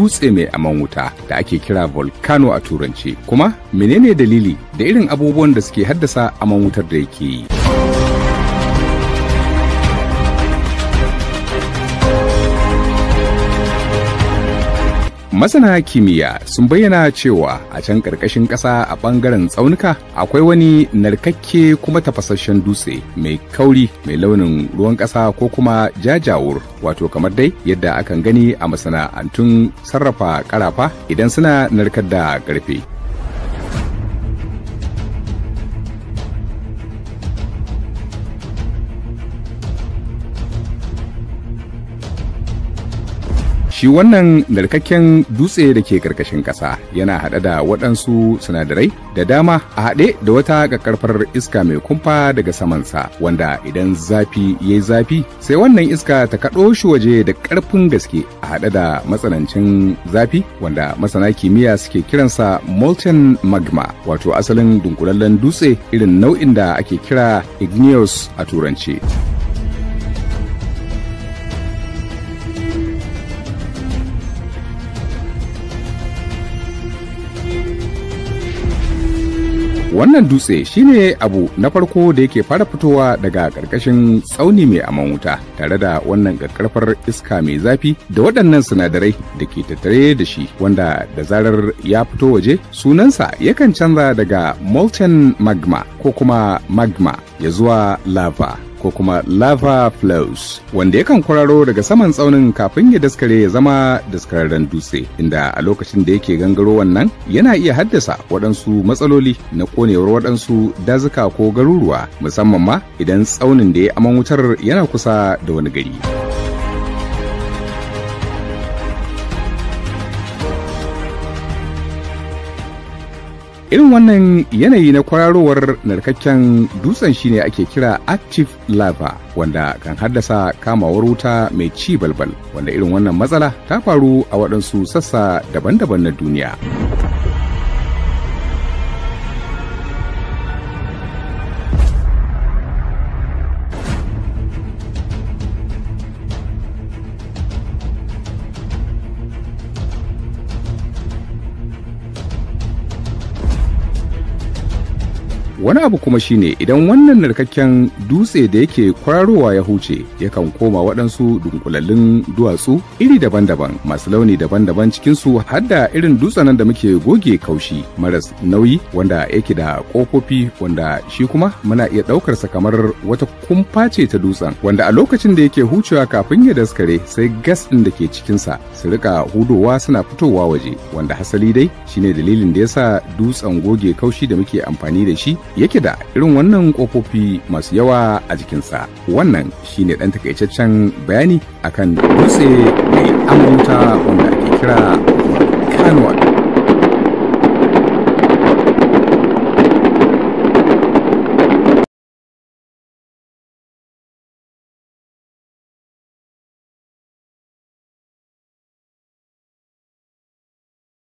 dutse mai aman wuta da ake kira volcano a turanci kuma menene dalili da irin abubuwan da suke haddasa aman wutar da yake yi masana kimiyya sun bayyana cewa a can ƙarƙashin ƙasa a ɓangaren tsaunuka akwai wani narkakke kuma tafasasshen dutse mai kauri mai launin ruwan ƙasa ko kuma jajawur wato kamar dai yadda akan gani a masana'antun sarrafa ƙarafa idan suna narkar da ƙarfe Shi wannan narkakken dutse da ke karkashin ƙasa yana haɗe da waɗansu sinadarai da dama a haɗe da wata ƙaƙƙarfar iska mai kumfa daga samansa wanda idan zafi ya yi zafi sai wannan iska ta kaɗo shi waje da ƙarfin gaske a haɗe da matsanancin zafi wanda masana kimiyya suke kiransa molten magma wato asalin dunkulallen dutse irin nau'in da ake kira igneous a turanci. wannan dutse shine abu na farko da yake fara fitowa daga ƙarƙashin tsauni mai aman wuta tare da wannan ƙarƙarfar iska mai zafi da waɗannan sinadarai da ke tattare da shi wanda da zarar ya fito waje sunansa yakan canza daga molten magma ko kuma magma ya zuwa lava ko kuma lava flows wanda yakan kwararo daga saman tsaunin kafin ya daskare ya zama daskararren dutse inda a lokacin da yake gangaro wannan yana iya haddasa waɗansu matsaloli na ƙonewar waɗansu dazuka ko garuruwa musamman ma idan tsaunin da ya aman wutar yana kusa da wani gari. irin wannan yanayi na kwararowar narkakken dutsen shine ake kira active lava wanda kan haddasa kamawar wuta mai ci balbal wanda irin wannan matsala ta faru a waɗansu sassa daban-daban na duniya. wani abu kuma shine idan wannan narkakken dutse da yake kwararowa ya huce yakan koma waɗansu dunkulallin duwatsu iri daban-daban masu launi daban-daban cikinsu har da irin dutsen da muke goge kaushi maras nauyi wanda yake da ƙofofi wanda shi kuma muna iya ɗaukarsa kamar wata kumfa ce ta dutsen wanda a lokacin da yake hucewa kafin ya daskare sai gas ɗin da ke cikinsa su rika hudowa suna fitowa waje wanda hasali dai shine dalilin da yasa dutsen goge kaushi da muke amfani da shi yake da irin wannan ƙofofi masu yawa a jikinsa wannan shine ɗan takaitaccen bayani akan dutse mai amurta wanda ake kira kano